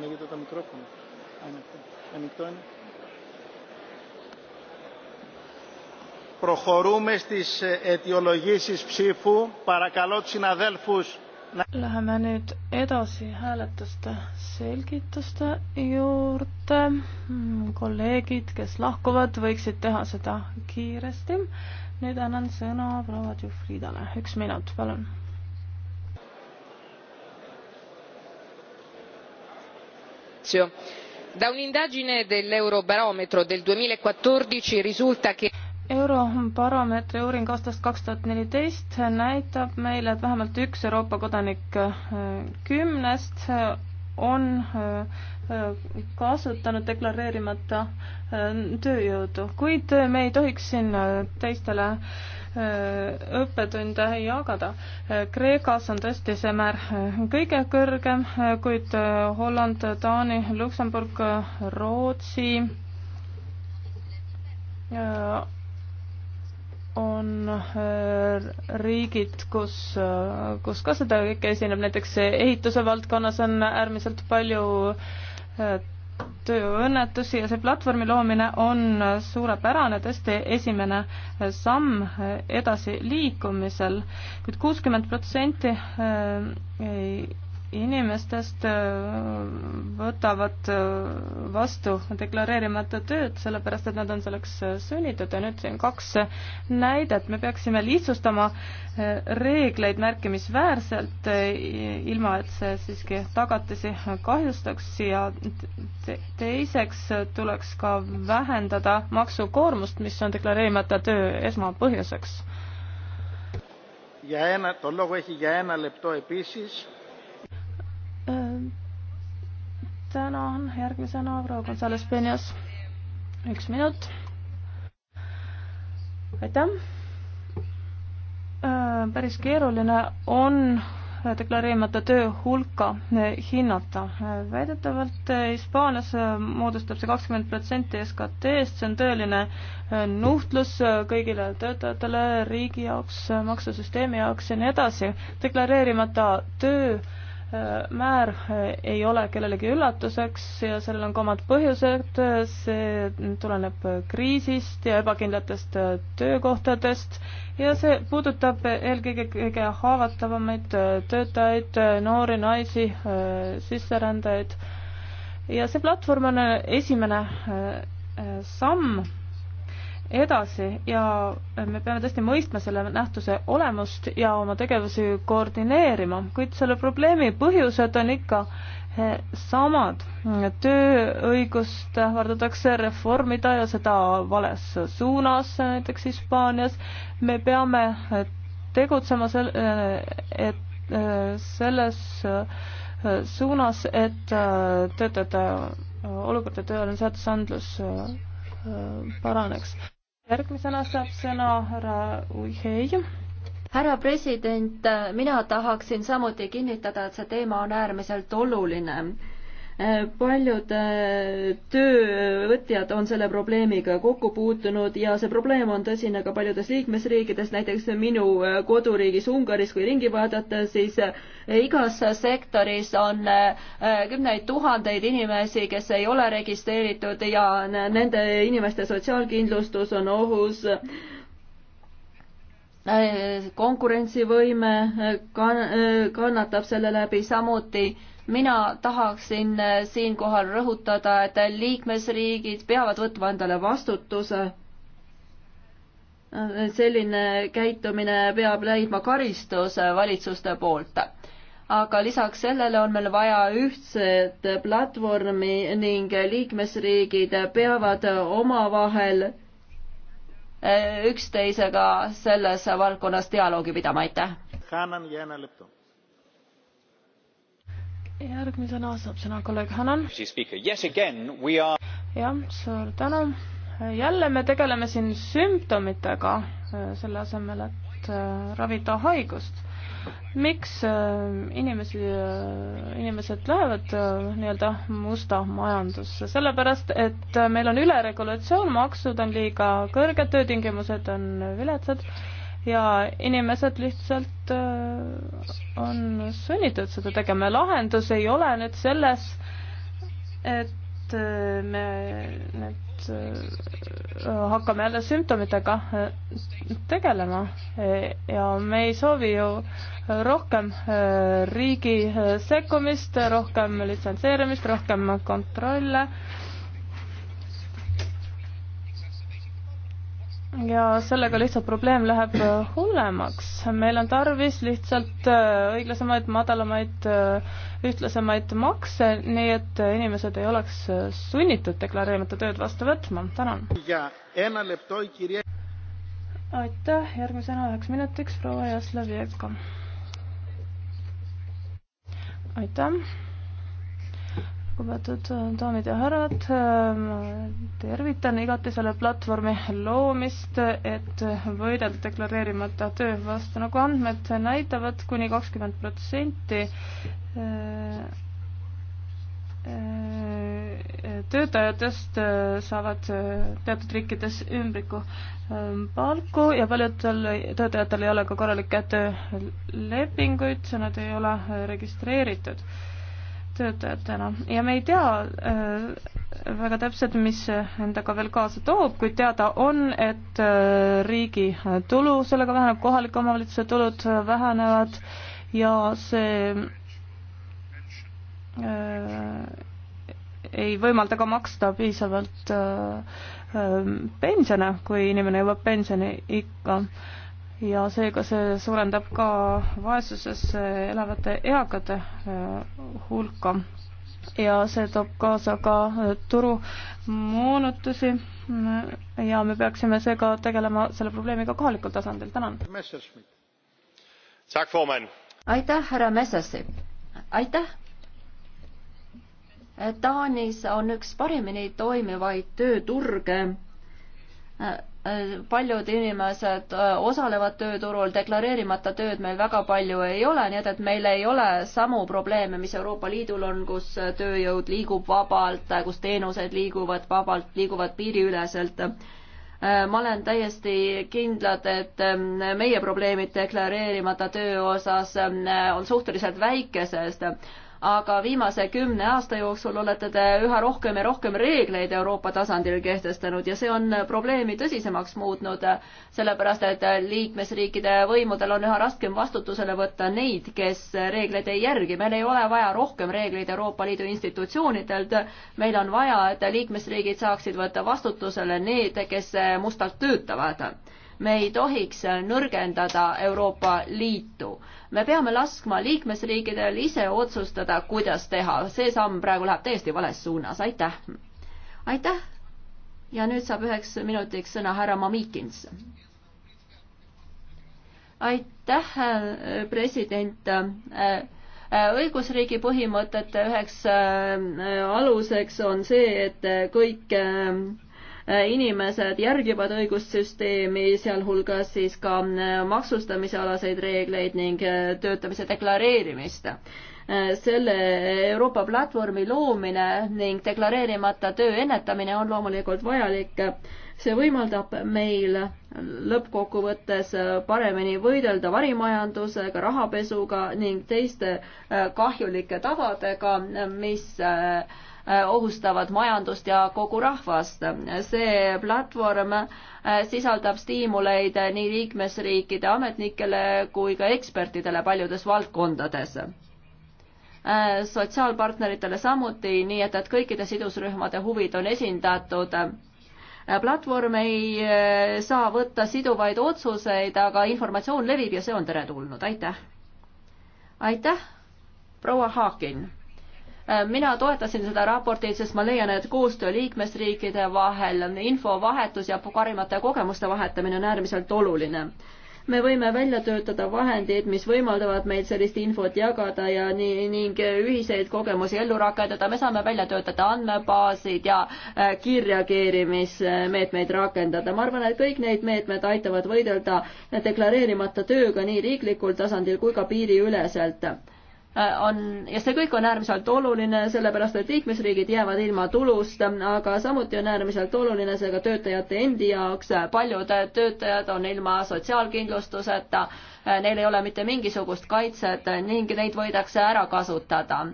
ανοίγετε το μικρόφωνο. Ανοιχτό. Ανοιχτό είναι. Προχωρούμε στις αιτιολογήσεις ψήφου. Παρακαλώ τους συναδέλφους να... Läheme nüüd edasi hääletuste selgituste juurde. Mm, kolleegid, kes lahkuvad, võiksid teha seda kiiresti. nüüd annan sõna proua Tšufridale. üks minut, palun da un'indagine dell'eurobarometro del duemilaquattordici risulta che. eurobaromeetri uuring aastast kaks tuhat neliteist näitab meile et vähemalt üks euroopa kodanik äh, kümnest äh, on äh, kasutanud deklareerimata tööjõudu kuid me ei tohiks siin teistele Äh, õppetunde jagada. Äh, Kreekas on tõesti see määr äh, kõige kõrgem, kuid Holland, Taani, Luksemburg, Rootsi on riigid, kus, kus ka seda kõike esineb, näiteks ehituse valdkonnas on äärmiselt palju tööõnnetusi ja see platvormi loomine on suurepärane, tõesti esimene samm edasiliikumisel kuid, kuid kuuskümmend protsenti äh, inimestest äh, võtavad äh, vastu deklareerimata tööd, sellepärast et nad on selleks äh, sunnitud ja nüüd siin kaks näidet, me peaksime lihtsustama reegleid märkimisväärselt, ilma et see siiski tagatisi kahjustaks ja te teiseks tuleks ka vähendada maksukoormust, mis on deklareerimata töö esmapõhjuseks. ja ena, tollo kui ja ena lepto episis tänan, järgmisena proua Gonzales Penjas. üks minut. aitäh. Äh, päris keeruline on deklareerimata töö hulka äh, hinnata. Äh, väidetavalt Hispaanias moodustab see kakskümmend protsenti SKT-st, see on tõeline nuhtlus kõigile töötajatele, riigi jaoks, maksusüsteemi jaoks ja nii edasi. deklareerimata töö määr ei ole kellelegi üllatuseks ja sellel on ka omad põhjused, see tuleneb kriisist ja ebakindlatest töökohtadest ja see puudutab eelkõige kõige haavatavamaid töötajaid, noori naisi, sisserändajaid ja see platvorm on esimene samm edasi ja me peame tõesti mõistma selle nähtuse olemust ja oma tegevusi koordineerima, kuid selle probleemi põhjused on ikka eh, samad. tööõigust ähvardatakse reformida ja seda vales suunas, näiteks Hispaanias. me peame eh, tegutsema sel-, eh, et selles suunas, et töötajate olukord ja tööalane seadusandlus paraneks järgmisena saab sõna härra Uihei härra president, mina tahaksin samuti kinnitada, et see teema on äärmiselt oluline Äh, paljud äh, töövõtjad on selle probleemiga kokku puutunud ja see probleem on tõsine ka paljudes liikmesriikides, näiteks minu äh, koduriigis Ungaris, kui ringi vaadata, siis igas sektoris on kümneid tuhandeid inimesi, kes ei ole registreeritud ja nende inimeste sotsiaalkindlustus on ohus konkurentsivõime kannatab selle läbi samuti mina tahaksin äh, siinkohal rõhutada, et liikmesriigid peavad võtma endale vastutuse. Äh, selline käitumine peab leidma karistuse valitsuste poolt aga lisaks sellele on meil vaja ühtset platvormi ning liikmesriigid peavad omavahel äh, üksteisega selles valdkonnas dialoogi pidama, aitäh! järgmisena saab sõna kolleeg Hanan. jah, suur tänu. jälle me tegeleme siin sümptomitega, äh, selle asemel, et äh, ravida haigust miks äh, inimesi, inimesed lähevad nii-öelda musta majandusse, sellepärast et meil on üleregulatsioon, maksud on liiga kõrged, töötingimused on viletsad ja inimesed lihtsalt äh, on sunnitud seda tegema ja lahendus ei ole nüüd selles, et äh, me nüüd äh, hakkame jälle sümptomitega tegelema e, ja me ei soovi ju rohkem riigi sekkumist, rohkem litsenseerimist, rohkem kontrolle ja sellega lihtsalt probleem läheb äh, hullemaks. meil on tarvis lihtsalt äh, õiglasemaid, madalamaid, äh, ühtlasemaid makse, nii et inimesed ei oleks sunnitud deklareerimata tööd vastu võtma. tänan. aitäh, järgmisena üheks minutiks proua Jaslovjevka. aitäh lugupeetud äh, daamid ja härrad, äh, tervitan igati selle platvormi loomist, et võidelda deklareerimata töö vastu, nagu andmed näitavad, kuni kakskümmend protsenti äh, töötajatest saavad teatud riikides ümbriku palku ja paljudel töötajatel ei ole ka korralikke töölepinguid, nad ei ole registreeritud töötajatena ja me ei tea äh, väga täpselt, mis endaga veel kaasa toob, kuid teada on, et äh, riigi tulu sellega väheneb, kohalike omavalitsuse tulud äh, vähenevad ja see ei võimalda ka maksta piisavalt pensione, kui inimene jõuab pensioniikka ja seega see suurendab ka vaesuses elavate eakate äh, hulka ja see toob kaasa ka äh, turumoonutusi äh, ja me peaksime seega tegelema selle probleemiga kohalikul tasandil, tänan. aitäh, härra Messerschmidt, aitäh. Taanis on üks paremini toimivaid tööturge paljud inimesed äh, osalevad tööturul, deklareerimata tööd meil väga palju ei ole, nii et, et meil ei ole samu probleeme, mis Euroopa Liidul on, kus äh, tööjõud liigub vabalt, äh, kus teenused liiguvad vabalt, liiguvad piiriüleselt. ma olen täiesti kindlad, et ähm, meie probleemid deklareerimata töö osas ähm, on suhteliselt väikesed aga viimase kümne aasta jooksul olete te üha rohkem ja rohkem reegleid Euroopa tasandil kehtestanud ja see on probleemi tõsisemaks muutnud, sellepärast et liikmesriikide võimudel on üha raskem vastutusele võtta neid, kes reegleid ei järgi. meil ei ole vaja rohkem reegleid Euroopa Liidu institutsioonidelt, meil on vaja, et liikmesriigid saaksid võtta vastutusele need, kes mustalt töötavad me ei tohiks nõrgendada Euroopa Liitu me peame laskma liikmesriikidel ise otsustada, kuidas teha, see samm praegu läheb täiesti vales suunas, aitäh. aitäh. ja nüüd saab üheks minutiks sõna härra Mamikins. aitäh, president õigusriigi põhimõtete üheks äh, aluseks on see, et kõik äh, inimesed järgivad õigussüsteemi, sealhulgas siis ka äh, maksustamise alaseid reegleid ning äh, töötamise deklareerimist. Äh, selle Euroopa platvormi loomine ning deklareerimata töö ennetamine on loomulikult vajalik see võimaldab meil lõppkokkuvõttes paremini võidelda varimajandusega, rahapesuga ning teiste äh, kahjulike tavadega, mis äh, äh, ohustavad majandust ja kogu rahvast. see platvorm sisaldab stiimuleid nii liikmesriikide ametnikele kui ka ekspertidele paljudes valdkondades sotsiaalpartneritele samuti, nii et, et kõikide sidusrühmade huvid on esindatud platvorm ei eh, saa võtta siduvaid otsuseid, aga informatsioon levib ja see on teretulnud, aitäh. aitäh, proua Haakin. Eh, mina toetasin seda raportit, sest ma leian, et koostöö liikmesriikide vahel, infovahetus ja parimate kogemuste vahetamine on äärmiselt oluline me võime välja töötada vahendid, mis võimaldavad meil sellist infot jagada ja nii ning ühiseid kogemusi ellu rakendada, me saame välja töötada andmebaasid ja äh, kiirreageerimismeetmeid rakendada. ma arvan, et kõik need meetmed aitavad võidelda deklareerimata tööga nii riiklikul tasandil kui ka piiriüleselt Äh, on, ja see kõik on äärmiselt oluline, sellepärast et liikmesriigid jäävad ilma tulust, aga samuti on äärmiselt oluline see ka töötajate endi jaoks, paljud töötajad on ilma sotsiaalkindlustuseta, äh, neil ei ole mitte mingisugust kaitset ning neid võidakse ära kasutada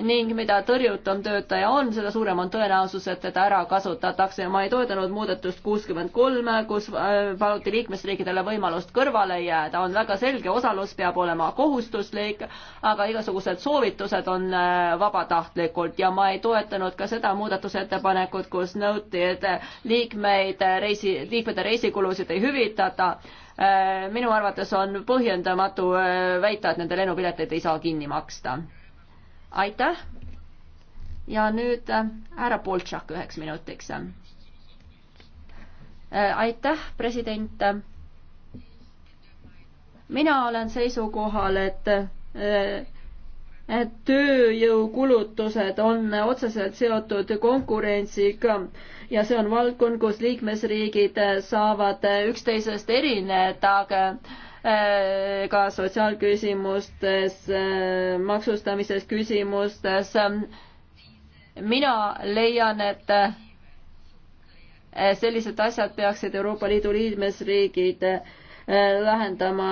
ning mida tõrjutum töötaja on, seda suurem on tõenäosus, et teda ära kasutatakse. ma ei toetanud muudatust kuuskümmend kolm, kus äh, paluti liikmesriikidele võimalust kõrvale jääda. on väga selge, osalus peab olema kohustuslik, aga igasugused soovitused on äh, vabatahtlikult ja ma ei toetanud ka seda muudatusettepanekut, kus nõuti, et liikmeid reisi, liikmete reisikulusid ei hüvitata äh, minu arvates on põhjendamatu väita, et nende lennupileteid ei saa kinni maksta aitäh. ja nüüd äh, härra Boltšak üheks minutiks. Äh, aitäh, president. mina olen seisukohal, äh, et tööjõukulutused on otseselt seotud konkurentsiga ja see on valdkond, kus liikmesriigid saavad üksteisest erineda, aga Äh, ka sotsiaalküsimustes, äh, maksustamises küsimustes. mina leian, et äh, sellised asjad peaksid Euroopa Liidu liikmesriigid lahendama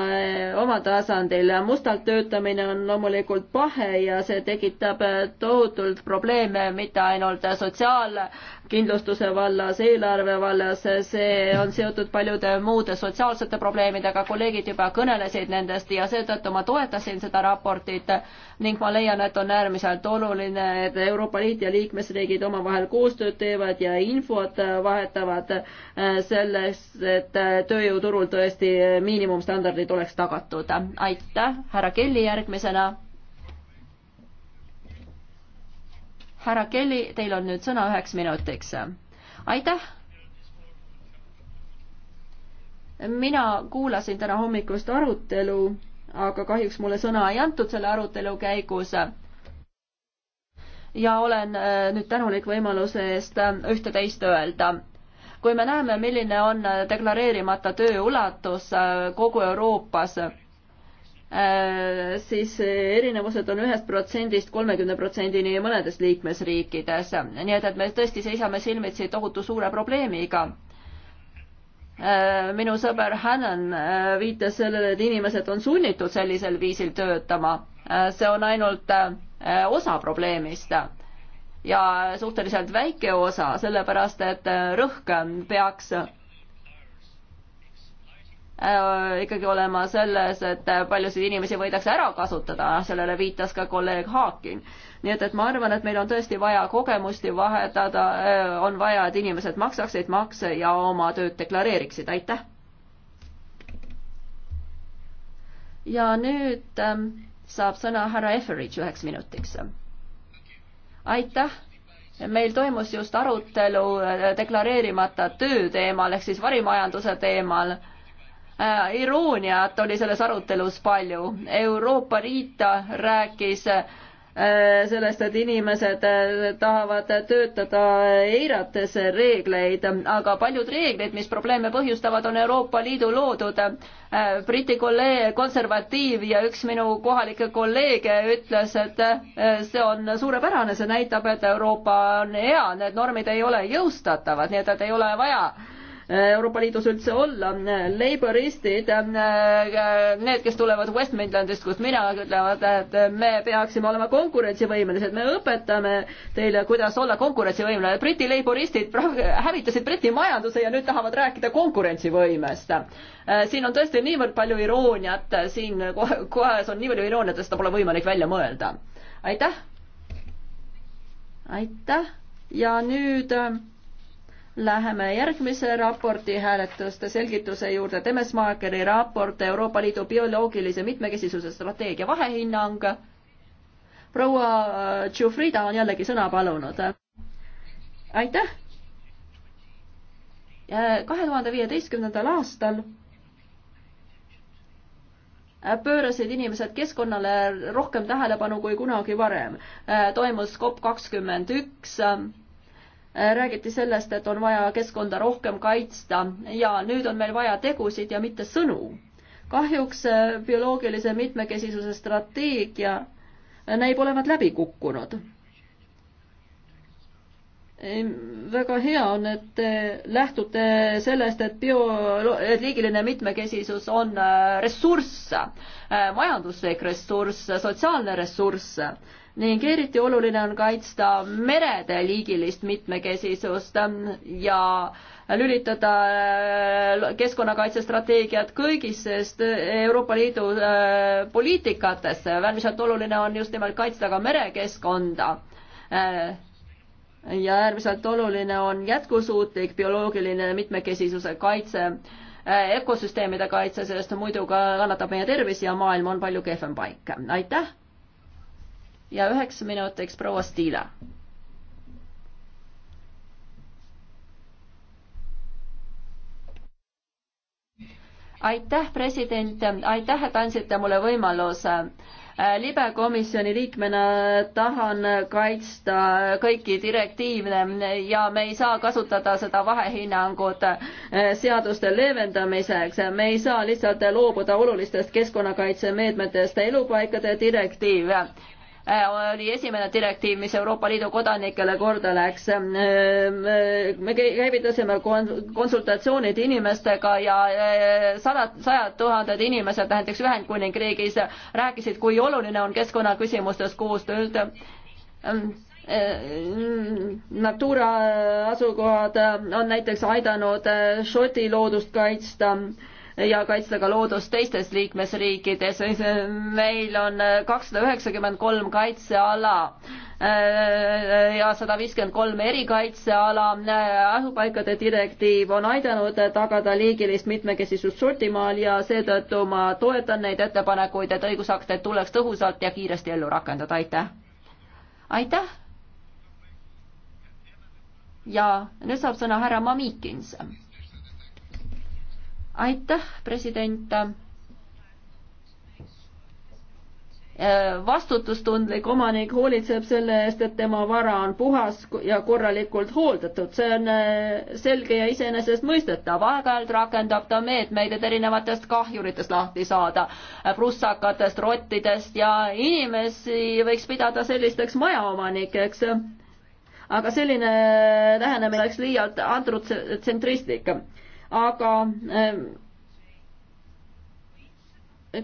oma tasandil. mustalt töötamine on loomulikult pahe ja see tekitab tohutult probleeme mitte ainult sotsiaal- kindlustuse vallas, eelarve vallas, see on seotud paljude muude sotsiaalsete probleemidega, kolleegid juba kõnelesid nendest ja seetõttu ma toetasin seda raportit ning ma leian, et on äärmiselt oluline, et Euroopa Liit ja liikmesriigid omavahel koostööd teevad ja infot vahetavad selles, et tööjõuturul tõesti miinimumstandardid oleks tagatud. aitäh, härra Kelly järgmisena härra Kelly, teil on nüüd sõna üheks minutiks. aitäh. mina kuulasin täna hommikust arutelu, aga kahjuks mulle sõna ei antud selle arutelu käigus. ja olen äh, nüüd tänulik võimaluse eest äh, ühte-teist öelda kui me näeme, milline on äh, deklareerimata töö ulatus kogu Euroopas, Äh, siis erinevused on ühest protsendist kolmekümne protsendini mõnedes liikmesriikides. nii et, et me tõesti seisame silmitsi tohutu suure probleemiga. Äh, minu sõber Hannan äh, viitas sellele, et inimesed on sunnitud sellisel viisil töötama. see on ainult osa probleemist ja suhteliselt väike osa, sellepärast et rõhk peaks Äh, ikkagi olema selles, et paljusid inimesi võidakse ära kasutada, sellele viitas ka kolleeg Haakin. nii et, et ma arvan, et meil on tõesti vaja kogemusti vahetada, äh, on vaja, et inimesed maksaksid makse ja oma tööd deklareeriksid, aitäh! ja nüüd ähm, saab sõna härra Eferidž üheks minutiks. aitäh! meil toimus just arutelu äh, deklareerimata töö teemal ehk siis varimajanduse teemal Äh, irooniat oli selles arutelus palju. Euroopa Liit rääkis äh, sellest, et inimesed äh, tahavad töötada eirates reegleid, aga paljud reeglid, mis probleeme põhjustavad, on Euroopa Liidu loodud. Briti kolleeg, konservatiiv ja üks minu kohalikke kolleege ütles, et see on suurepärane, see näitab, et Euroopa on hea, need normid ei ole jõustatavad, nii et, et ei ole vaja Euroopa Liidus üldse olla. Laboristid, äh, need, kes tulevad West Midlandist, kus mina, ütlevad, et me peaksime olema konkurentsivõimelised, me õpetame teile, kuidas olla konkurentsivõimeline. Briti laboristid hävitasid Briti majanduse ja nüüd tahavad rääkida konkurentsivõimest. Äh, siin on tõesti niivõrd palju irooniat, siin kohe on nii palju irooniat, et seda pole võimalik välja mõelda. aitäh! aitäh ja nüüd äh, Läheme järgmise raporti hääletuste selgituse juurde. Temesmaakeri raport Euroopa Liidu bioloogilise mitmekesisuse strateegia vahehinnang. proua Tšufrida äh, on jällegi sõna palunud. aitäh. Äh, kahe tuhande viieteistkümnendal aastal äh, pöörasid inimesed keskkonnale rohkem tähelepanu kui kunagi varem. toimus COP kakskümmend üks räägiti sellest, et on vaja keskkonda rohkem kaitsta ja nüüd on meil vaja tegusid ja mitte sõnu. kahjuks äh, bioloogilise mitmekesisuse strateegia äh, näib olevat läbi kukkunud väga hea on, et te lähtute sellest, et bio, et liigiline mitmekesisus on äh, ressurss, äh, majanduslik ressurss, sotsiaalne ressurss ning eriti oluline on kaitsta merede liigilist mitmekesisust ähm, ja lülitada äh, keskkonnakaitsestrateegiad kõigist Euroopa Liidu poliitikatesse. äärmiselt oluline on just nimelt kaitsta ka merekeskkonda ja äärmiselt oluline on jätkusuutlik bioloogiline mitmekesisuse kaitse, äh, ökosüsteemide kaitse, sest muidu ka kannatab meie tervis ja maailm on palju kehvem paik. aitäh! ja üheks minutiks proua Stiila. aitäh, president, aitäh, et andsite mulle võimaluse Äh, libekomisjoni liikmena tahan kaitsta kõiki direktiive ja me ei saa kasutada seda vahehinnangut äh, seaduste leevendamiseks. me ei saa lihtsalt loobuda olulistest keskkonnakaitsemeetmetest, elupaikade direktiiv Äh, oli esimene direktiiv, mis Euroopa Liidu kodanikele korda läks. Äh, äh, me käivitasime konsultatsioonid inimestega ja sadad, sajad tuhanded inimesed näiteks Ühendkuningriigis rääkisid, kui oluline on keskkonnaküsimustes koostööd. Ähm, Natura asukohad on näiteks aidanud Šoti loodust kaitsta ja kaitsta ka loodust teistes liikmesriikides. meil on kakssada üheksakümmend kolm kaitseala äh, ja sada viiskümmend kolm erikaitseala. asupaikade direktiiv on aidanud tagada liigilist mitmekesisust Šotimaal ja seetõttu ma toetan neid ettepanekuid, et õigusakte tuleks tõhusalt ja kiiresti ellu rakendada. aitäh! aitäh! ja nüüd saab sõna härra Mamikins aitäh, president. Äh, vastutustundlik omanik hoolitseb selle eest, et tema vara on puhas ja korralikult hooldatud, see on äh, selge ja iseenesestmõistetav. aeg-ajalt rakendab ta meetmeid, et erinevatest kahjuritest lahti saada, äh, prussakatest, rottidest ja inimesi võiks pidada sellisteks majaomanikeks aga selline lähenemine oleks liialt antrotsentristlik aga ähm,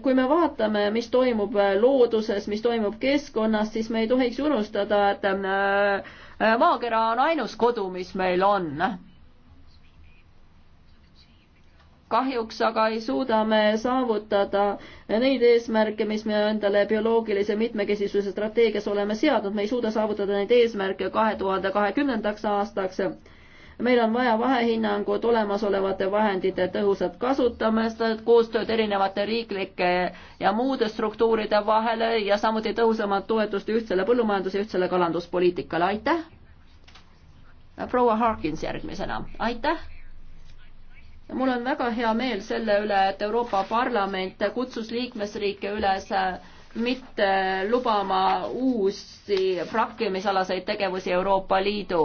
kui me vaatame, mis toimub äh, looduses, mis toimub keskkonnas, siis me ei tohiks unustada, et ähm, äh, maakera on ainus kodu, mis meil on kahjuks aga ei suuda me saavutada neid eesmärke, mis me endale bioloogilise mitmekesisuse strateegias oleme seadnud, me ei suuda saavutada neid eesmärke kahe tuhande kahekümnendaks aastaks meil on vaja vahehinnangut olemasolevate vahendite tõhusat kasutamist, koostööd erinevate riiklike ja muude struktuuride vahele ja samuti tõhusamat toetust ühtsele põllumajandus- ja ühtsele kalanduspoliitikale, aitäh! proua Harkins järgmisena, aitäh! mul on väga hea meel selle üle, et Euroopa Parlament kutsus liikmesriike üles mitte lubama uusi frakkimisalaseid tegevusi Euroopa Liidu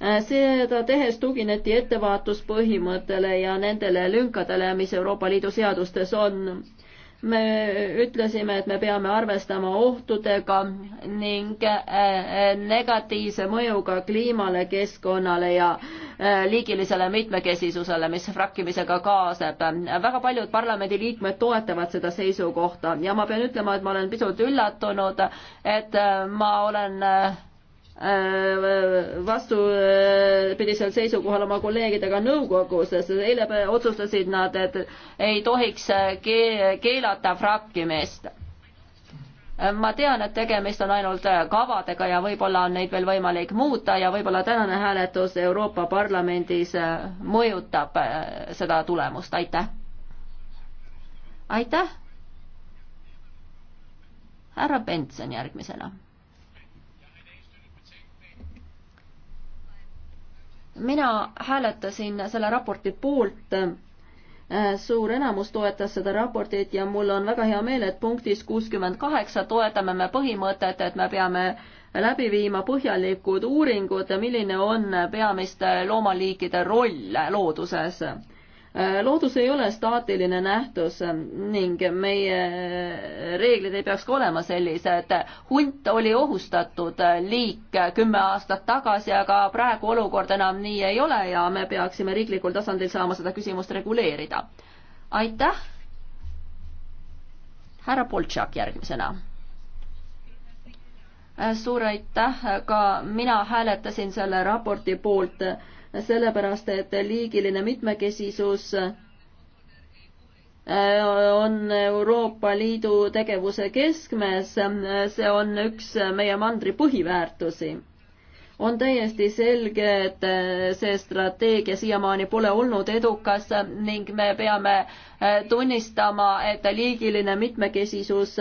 Äh, seda tehes tugineti ettevaatuspõhimõttele ja nendele lünkadele, mis Euroopa Liidu seadustes on. me ütlesime, et me peame arvestama ohtudega ning äh, negatiivse mõjuga kliimale, keskkonnale ja äh, liigilisele mitmekesisusele, mis frakkimisega kaasneb. väga paljud parlamendiliikmed toetavad seda seisukohta ja ma pean ütlema, et ma olen pisut üllatunud, et ma olen Äh, vastupidisel äh, seisukohal oma kolleegidega nõukogus, sest eile otsustasid nad, et ei tohiks äh, keelata frakkimist. ma tean, et tegemist on ainult kavadega ja võib-olla on neid veel võimalik muuta ja võib-olla tänane hääletus Euroopa Parlamendis mõjutab seda tulemust, aitäh. aitäh. härra Benson järgmisena mina hääletasin selle raporti poolt äh, suur enamus toetas seda raportit ja mul on väga hea meel, et punktis kuuskümmend kaheksa toetame me põhimõtet, et me peame läbi viima põhjalikud uuringud, milline on peamiste loomaliikide roll looduses. Äh, loodus ei ole staatiline nähtus ning meie reeglid ei peaks ka olema sellised. hunt oli ohustatud liik kümme aastat tagasi, aga praegu olukord enam nii ei ole ja me peaksime riiklikul tasandil saama seda küsimust reguleerida. aitäh. härra Boltšak järgmisena äh, suur aitäh, ka mina hääletasin selle raporti poolt sellepärast et liigiline mitmekesisus äh, on Euroopa Liidu tegevuse keskmes, see on üks meie mandri põhiväärtusi. on täiesti selge, et see strateegia siiamaani pole olnud edukas ning me peame äh, tunnistama, et liigiline mitmekesisus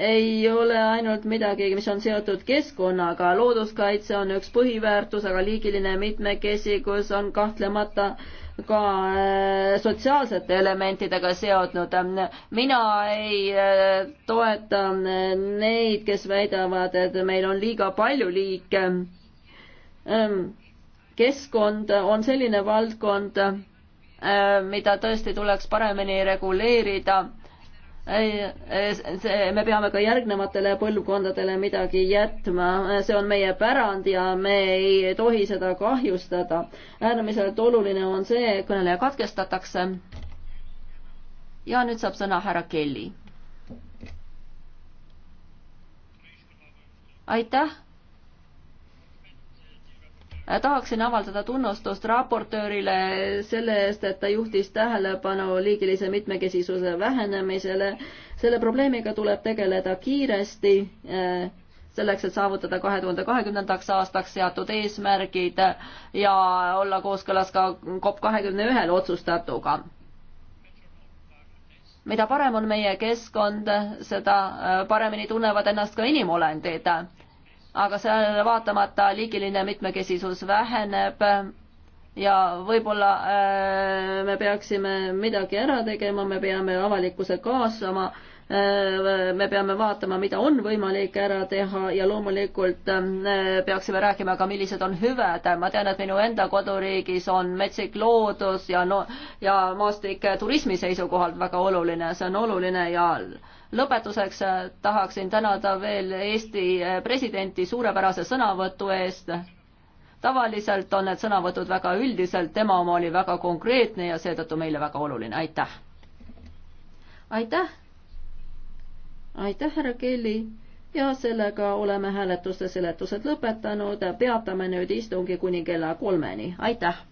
ei ole ainult midagi, mis on seotud keskkonnaga, looduskaitse on üks põhiväärtus, aga liigiline mitmekesikus on kahtlemata ka äh, sotsiaalsete elementidega seotud. mina ei äh, toeta äh, neid, kes väidavad, et meil on liiga palju liike. Ähm, keskkond on selline valdkond, mida tõesti tuleks paremini reguleerida see, me peame ka järgnevatele põlvkondadele midagi jätma, see on meie pärand ja me ei tohi seda kahjustada. äärmiselt oluline on see, kõneleja katkestatakse. ja nüüd saab sõna härra Kelly. aitäh tahaksin avaldada tunnustust raportöörile selle eest, et ta juhtis tähelepanu liigilise mitmekesisuse vähenemisele. selle probleemiga tuleb tegeleda kiiresti, eh, selleks, et saavutada kahe tuhande kahekümnendaks aastaks seatud eesmärgid ja olla kooskõlas ka COP kahekümne ühel otsustatuga mida parem on meie keskkond, seda eh, paremini tunnevad ennast ka inimolendid aga sellele vaatamata liigiline mitmekesisus väheneb ja võib-olla äh, me peaksime midagi ära tegema, me peame avalikkuse kaasama Äh, me peame vaatama, mida on võimalik ära teha ja loomulikult äh, peaksime rääkima ka, millised on hüved. ma tean, et minu enda koduriigis on metsik loodus ja no ja maastik turismi seisukohalt väga oluline, see on oluline ja lõpetuseks äh, tahaksin tänada veel Eesti presidenti suurepärase sõnavõtu eest. tavaliselt on need sõnavõtud väga üldiselt, tema oma oli väga konkreetne ja seetõttu meile väga oluline, aitäh! aitäh! aitäh, härra Kelly ja sellega oleme hääletuste seletused lõpetanud, peatame nüüd istungi kuni kella kolmeni, aitäh!